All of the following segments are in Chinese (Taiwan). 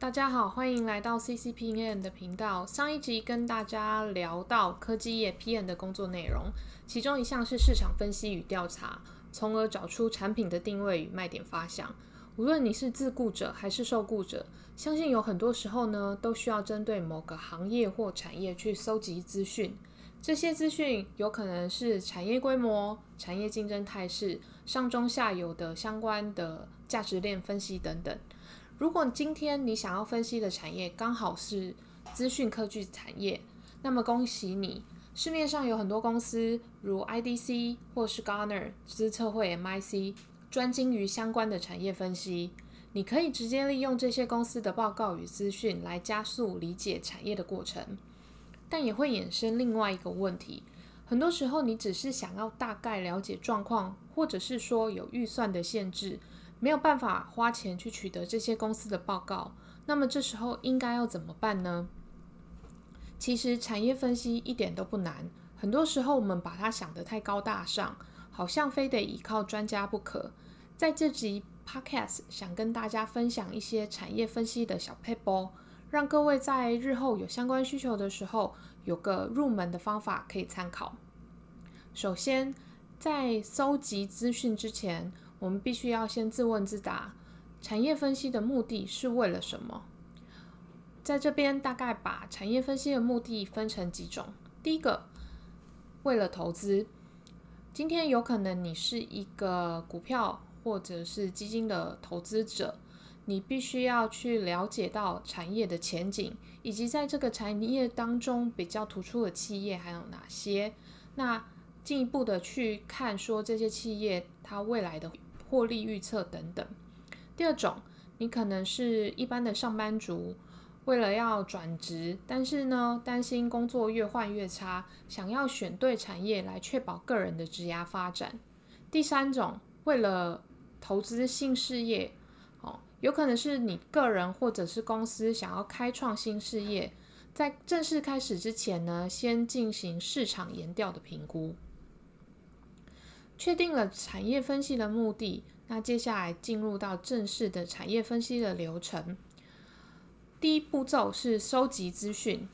大家好，歡迎來到 CCPM 的頻道。上一集跟大家聊到科技業 PM 的工作內容，其中一項是市場分析與調查，從而找出產品的定位與賣點發想。無論你是自僱者還是受僱者，相信有很多時候呢，都需要針對某個行業或產業去蒐集資訊。這些資訊有可能是產業規模、產業競爭態勢、上中下游的相關的價值鏈分析等等。如果今天你想要分析的產業剛好是資訊科技產業，那麼恭喜你，市面上有很多公司，如 IDC 或是 Gartner、資策會 MIC，專精於相關的產業分析。你可以直接利用這些公司的報告與資訊來加速理解產業的過程，但也會衍生另外一個問題：很多時候你只是想要大概了解狀況，或者是說有預算的限制。沒有辦法花錢去取得這些公司的報告，那麼這時候應該要怎麼辦呢？其實產業分析一點都不難，很多時候我們把它想得太高大上，好像非得依靠專家不可。在這集 Podcast 想跟大家分享一些產業分析的小 paper 讓各位在日後有相關需求的時候有個入門的方法可以參考。首先，在搜集資訊之前。我們必須要先自問自答，產業分析的目的是為了什麼？在這邊大概把產業分析的目的分成幾種。第一個，為了投資。今天有可能你是一個股票或者是基金的投資者，你必須要去了解到產業的前景，以及在這個產業當中比較突出的企業還有哪些。那進一步的去看，說這些企業它未來的。獲利預測等等。第二種，你可能是一般的上班族，為了要轉職，但是呢，擔心工作越換越差，想要選對產業來確保個人的職涯發展。第三種，為了投資新事業，哦，有可能是你個人或者是公司想要開創新事業，在正式開始之前呢，先進行市場研調的評估。確定了產業分析的目的，那接下來進入到正式的產業分析的流程。第一步驟是收集資訊。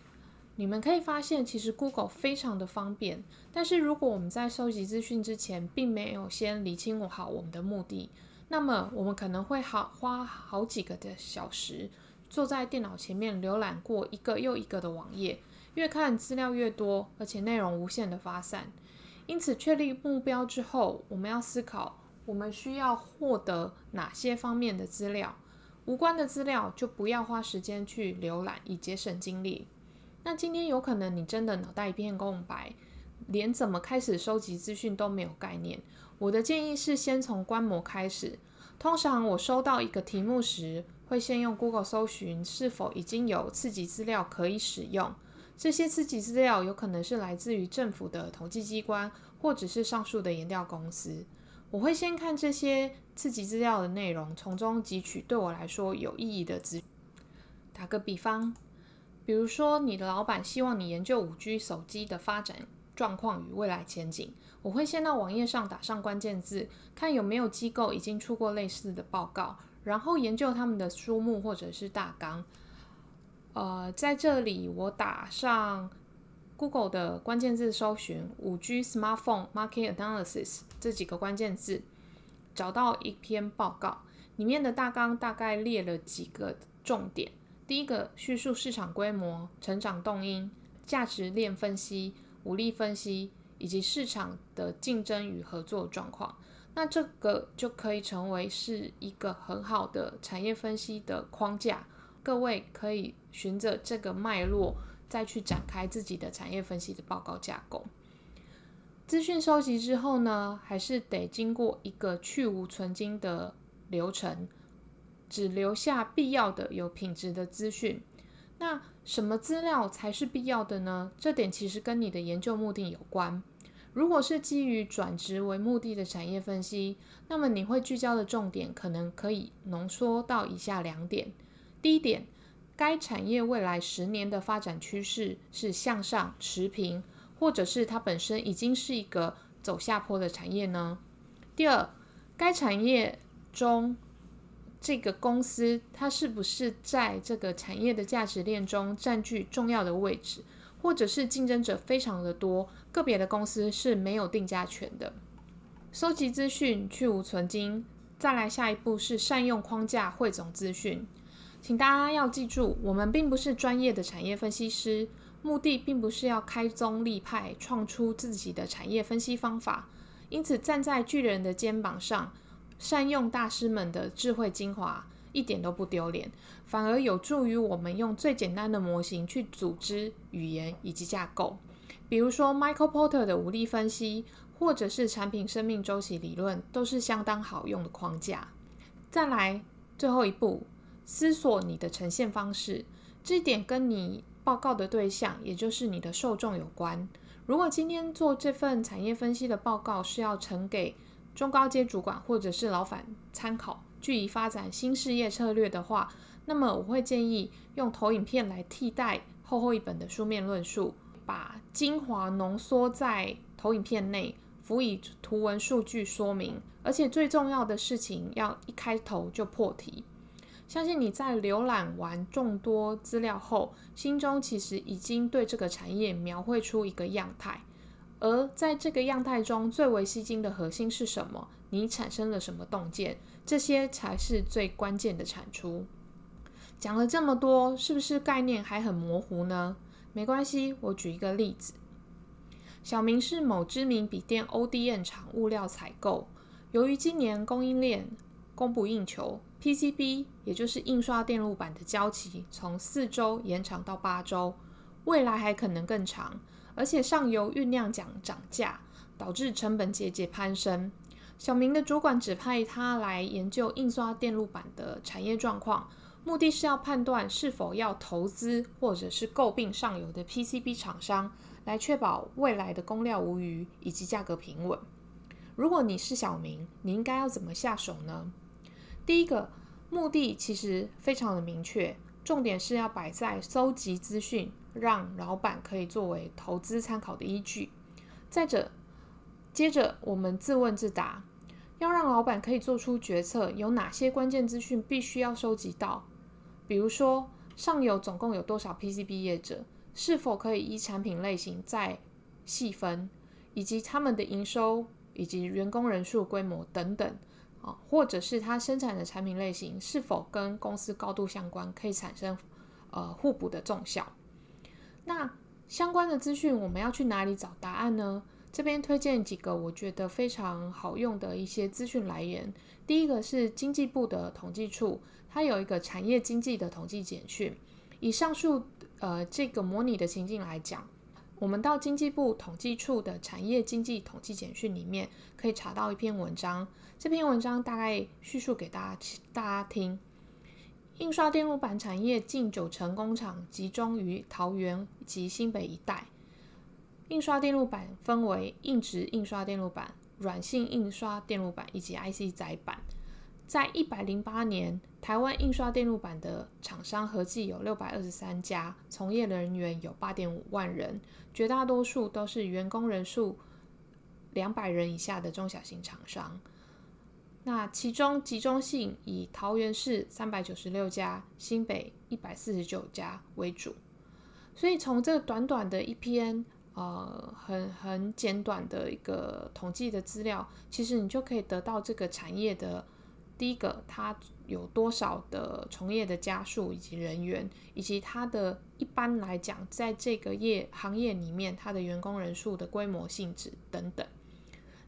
你們可以發現，其實 Google 非常的方便。但是，如果我們在收集資訊之前，並沒有先理清好我們的目的，那麼我們可能會好花好幾個的小時，坐在電腦前面瀏覽過一個又一個的網頁，越看資料越多，而且內容無限的發散。因此，確立目標之後，我們要思考我們需要獲得哪些方面的資料。無關的資料就不要花時間去瀏覽，以節省精力。那今天有可能你真的腦袋一片空白，連怎麼開始收集資訊都沒有概念。我的建議是先從觀摩開始。通常我收到一個題目時，會先用 Google 搜尋是否已經有次級資料可以使用。這些刺激資料有可能是來自於政府的統計機，機關，或者是上述的研調公司。我會先看這些刺激資料的內容，從中汲取對我來說有意義的資。打個比方，比如說你的老闆希望你研究 5G 手機的發展狀況與未來前景，我會先到網頁上打上關鍵字，看有沒有機構已經出過類似的報告，然後研究他們的書目或者是大綱。呃，在這裡我打上 Google 的關鍵字搜尋“五 G smartphone market analysis” 這幾個關鍵字，找到一篇報告，裡面的大綱大概列了幾個重點：第一個，敘述市場規模、成長動因、價值鏈分析、五力分析以及市場的競爭與合作狀況。那這個就可以成為是一個很好的產業分析的框架。各位可以循着這個脈絡，再去展開自己的產業分析的報告架構。資訊收集之後呢，還是得經過一個去蕪存菁的流程，只留下必要的、有品質的資訊。那什麼資料才是必要的呢？這點其實跟你的研究目的有關。如果是基於轉職為目的的產業分析，那麼你會聚焦的重點可能可以濃縮到以下兩點。第一點，該產業未來十年的發展趨勢是向上、持平，或者是它本身已經是一個走下坡的產業呢？第二，該產業中這個公司它是不是在這個產業的價值鏈中佔據重要的位置，或者是競爭者非常的多，個別的公司是沒有定價權的。收集資訊去蕪存菁，再來下一步是善用框架匯總資訊。請大家要記住，我們並不是專業的產業分析師，目的並不是要開宗立派、創出自己的產業分析方法。因此，站在巨人的肩膀上，善用大師們的智慧精華，一點都不丟臉，反而有助於我們用最簡單的模型去組織語言以及架構。比如說，Michael Porter 的五力分析，或者是產品生命週期理論，都是相當好用的框架。再來，最後一步。思索你的呈現方式，這一點跟你報告的對象，也就是你的受眾有關。如果今天做這份產業分析的報告是要呈給中高階主管或者是老闆參考，據以發展新事業策略的話，那麼我會建議用投影片來替代厚厚一本的書面論述，把精華濃縮在投影片內，輔以圖文數據說明。而且最重要的事情，要一開頭就破題。相信你在瀏覽完眾多資料後，心中其實已經對這個產業描繪出一個樣態。而在這個樣態中，最為吸睛的核心是什麼？你產生了什麼洞見？這些才是最關鍵的產出。講了這麼多，是不是概念還很模糊呢？沒關係，我舉一個例子：小明是某知名筆電 ODM 廠物料採購，由於今年供應鏈……供不應求，PCB 也就是印刷電路板的交期從四周延長到八周，未來還可能更長，而且上游醞釀將漲價，導致成本節節攀升。小明的主管指派他來研究印刷電路板的產業狀況，目的是要判斷是否要投資或者是購併上游的 PCB 廠商，來確保未來的供料無虞以及價格平穩。如果你是小明，你應該要怎麼下手呢？第一個目的其實非常的明確，重點是要擺在收集資訊，讓老闆可以作為投資參考的依據。再者，接着我們自問自答，要讓老闆可以做出決策，有哪些關鍵資訊必須要收集到？比如說，上游總共有多少 PCB 業者，是否可以依產品類型再細分，以及他們的營收以及員工人數規模等等。或者是它生產的產品類型是否跟公司高度相關，可以產生呃互補的綜效。那相關的資訊我們要去哪裡找答案呢？這邊推薦幾個我覺得非常好用的一些資訊來源。第一個是經濟部的統計處，它有一個產業經濟的統計簡訊。以上述呃這個模擬的情境來講。我們到經濟部統計處的產業經濟統計簡訊裡面，可以查到一篇文章。這篇文章大概敘述給大家大家聽：印刷電路板產業近九成工廠集中於桃園及新北一帶。印刷電路板分為硬質印刷電路板、軟性印刷電路板以及 IC 載板。在一百零八年，台灣印刷電路板的廠商合計有六百二十三家，從業人員有八點五萬人，絕大多數都是員工人數兩百人以下的中小型廠商。那其中集中性以桃園市三百九十六家、新北一百四十九家為主。所以從這短短的一篇，呃，很很簡短的一個統計的資料，其實你就可以得到這個產業的。第一個，它有多少的從業的家數以及人員，以及它的一般來講，在這個業行業裡面，它的員工人數的規模、性質等等。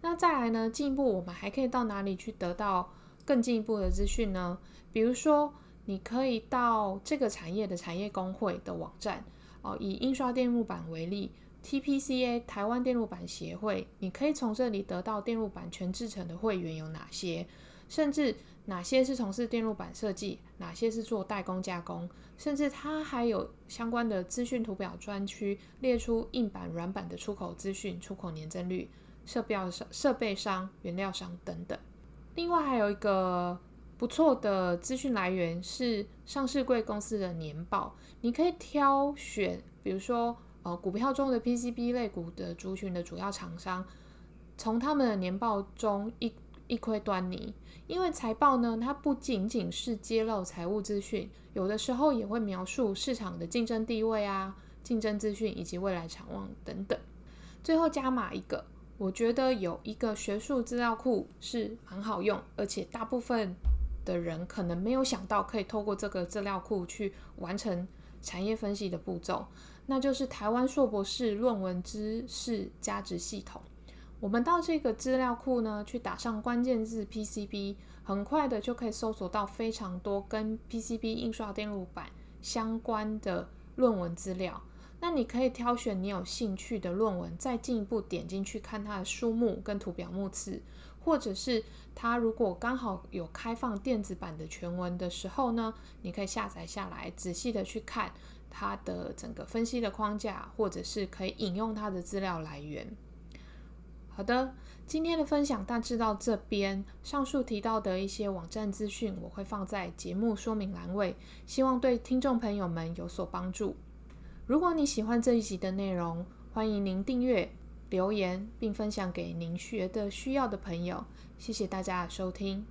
那再來呢，進一步我們還可以到哪裡去得到更進一步的資訊呢？比如說，你可以到這個產業的產業工會的網站哦。以印刷電路板為例，TPCA 台灣電路板協會，你可以從這裡得到電路板全製程的會員有哪些。甚至哪些是從事電路板設計，哪些是做代工加工，甚至它還有相關的資訊圖表專區，列出硬板、軟板的出口資訊、出口年增率、設備商、設備商、原料商等等。另外，還有一個不錯的資訊來源是上市櫃公司的年報，你可以挑選，比如說呃，股票中的 PCB 類股的族群的主要廠商，從他們的年報中一。一窺端倪，因為財報呢，它不僅僅是揭露財務資訊，有的時候也會描述市場的競爭地位啊、競爭資訊以及未來展望等等。最後加碼一個，我覺得有一個學術資料庫是很好用，而且大部分的人可能沒有想到可以透過這個資料庫去完成產業分析的步驟，那就是台灣碩博士論文知識加值系統。我們到這個資料庫呢，去打上關鍵字 PCB，很快的就可以搜索到非常多跟 PCB 印刷電路板相關的論文資料。那你可以挑選你有興趣的論文，再進一步點進去看它的書目跟圖表目次，或者是它如果剛好有開放電子版的全文的時候呢，你可以下載下來，仔細的去看它的整個分析的框架，或者是可以引用它的資料來源。好的，今天的分享大致到這邊。上述提到的一些網站資訊，我會放在節目說明欄位，希望對聽眾朋友們有所幫助。如果你喜歡這一集的內容，歡迎您訂閱、留言並分享給您覺得需要的朋友。謝謝大家的收聽。